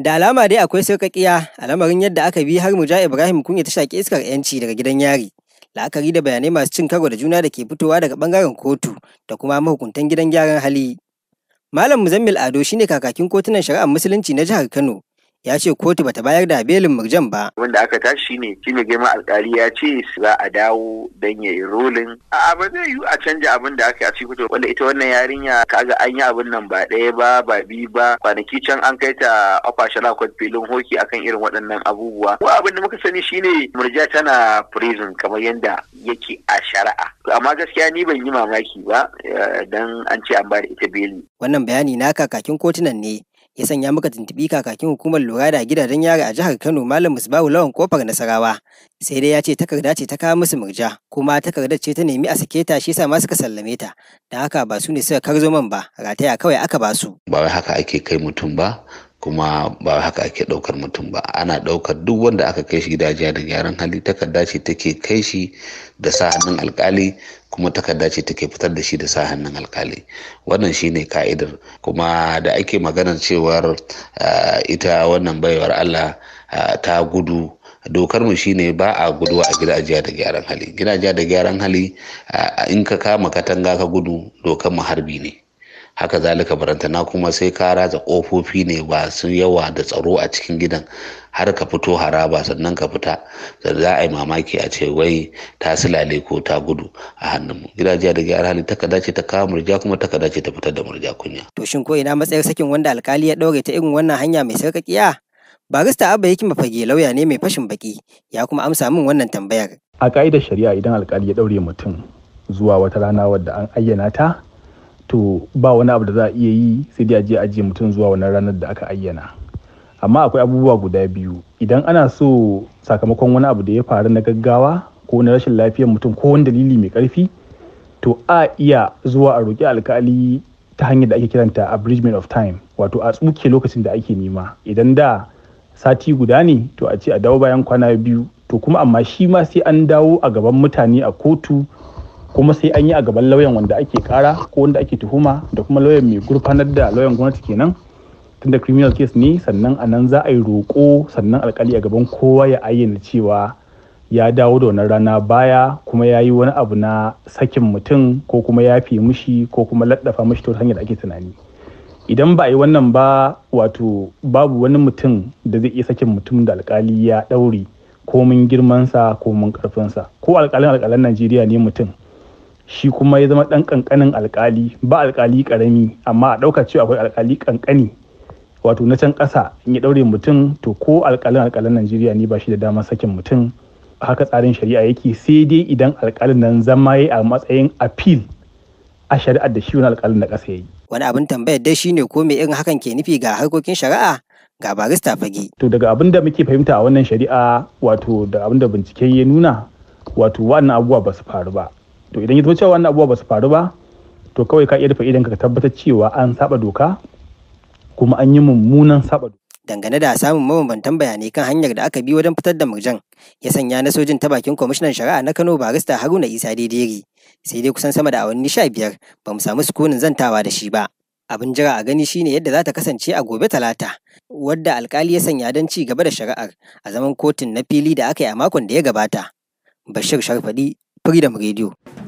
Da alama dai akwai sauƙaƙiya, a lamarin yadda aka bi har Muja Ibrahim Kunya ta shaƙi iskar 'yanci daga gidan yari. La'akari da bayanai masu cin karo da juna da ke fitowa daga ɓangaren kotu da kuma mahukuntan gidan gyaran hali. Malam Muzammil Ado shine kakakin kotunan shari'ar Musulunci na jihar Kano ya ce kotu bata bayar da belin murjan ba. Wanda aka tashi shine shi ne girma alkali ya ce za a dawo don ya yi rolin. A'a ba zai yiwu a canja abin da aka yi a cikin wanda ita wannan yarinya kaga an yi abin nan ba ɗaya ba ba biyu ba kwanaki can an kai ta ofashala kwad filin hoki akan irin waɗannan abubuwa. Ko abin da muka sani shine murja tana prison kamar yadda yake a shari'a. Amma gaskiya ni ban yi mamaki ba eh, don an ce an ba da ita beli. Wannan bayani na kakakin kotunan ne ya sanya maka tuntubi kakakin hukumar lura da gidajen yari a jihar Kano Malam Musbahu Lawan kofar Nasarawa sai dai ya ce takarda ce ta kawo musu murja kuma takardar ce ta nemi a sake ta shi yasa ma suka sallame ta da haka ba su ne suka karzo man ba rataya kawai aka ba su ba wai haka ake kai mutum ba kuma ba haka ake ɗaukar mutum ba ana ɗaukar duk wanda aka kai shi jiya da gyaran hali takarda ce take kai shi da sa hannun alkali kuma takarda ce take fitar da shi da sa hannun alkali wannan shine ka'idar kuma da ake maganar cewar eh, ita wannan baiwar allah eh, ta gudu dokar mu shine ba a guduwa a gidajiya da gyaran hali gidajiya da gyaran hali eh, in ka kama katanga ka gudu dokar mu harbi ne haka zalika barantana kuma sai ka ratsa ƙofofi ne ba sun yawa da tsaro a cikin gidan har ka fito haraba sannan ka fita da za a yi mamaki a ce wai ta silale ko ta gudu a hannunmu gidajiya da gyara hali takarda ce ta kawo murja kuma takarda ce ta fitar da murja kunya. to shin ko ina matsayar sakin wanda alkali ya ɗaure ta irin wannan hanya mai sarƙaƙiya barista abba yake mafage lauya ne mai fashin baki ya kuma amsa min wannan tambayar. a ka'idar shari'a idan alkali ya ɗaure mutum zuwa wata rana wadda an ayyana ta to ba wani abu da za a iya yi sai dai a je ajiye mutum zuwa wannan ranar da aka ayyana amma akwai abubuwa guda biyu idan ana so sakamakon wani abu da ya faru na gaggawa ko na rashin lafiyar mutum ko wani dalili mai karfi to a iya zuwa a roƙi alkali ta hanyar da ake kiranta abridgment of time wato a tsuke lokacin da ake nema idan da sati guda ne to a ce a dawo bayan kwana biyu to kuma amma shi ma sai an dawo a gaban mutane a kotu kuma sai an yi a gaban lauyan wanda ake kara ko wanda ake tuhuma da kuma lauyan mai gurfanar da lauyan gwamnati kenan tunda criminal case ne sannan a nan za a yi roƙo sannan alkali a gaban kowa ya ayyana cewa ya dawo da wannan rana baya kuma ya yi wani abu na sakin mutum ko kuma ya fi mushi ko kuma laddafa mushi ta hanyar ake tunani idan ba a yi wannan ba wato babu wani mutum da zai iya sakin mutum da alkali ya ɗaure komin girmansa komin ƙarfinsa ko alkalin alkalan najeriya ne mutum shi kuma ya zama ɗan ƙanƙanin alƙali ba alƙali ƙarami amma a ɗauka cewa akwai alƙali ƙanƙani wato na can ƙasa in ya ɗaure mutum to ko alƙalin alƙalin najeriya ne ba shi da damar sakin mutum haka tsarin shari'a yake sai dai idan alƙalin nan zama ya a matsayin appeal a shari'ar da shi wani alƙalin na ƙasa ya yi. wani abin tambayar dai shine ko me irin hakan ke nufi ga harkokin shari'a ga barista fage. to daga abin da muke fahimta a wannan shari'a wato da abin da binciken ya nuna wato wannan abubuwa ba su faru ba to idan ya zama cewa wannan abubuwa ba su faru ba to kawai ka iya rufe idan ka tabbatar cewa an saba doka kuma an yi mummunan saba doka dangane da samun mabambantan bayanai kan hanyar da aka bi wajen fitar da murjan ya sanya na sojin ta bakin kwamishinan shari'a na kano barista haruna isa daidiri sai dai kusan sama da awanni sha biyar ba mu samu sukunin zantawa da shi ba abin jira a gani shine yadda za ta kasance a gobe talata wadda alkali ya sanya don ci gaba da shari'ar a zaman kotun na fili da aka yi a makon da ya gabata bashir sharfadi Freedom Radio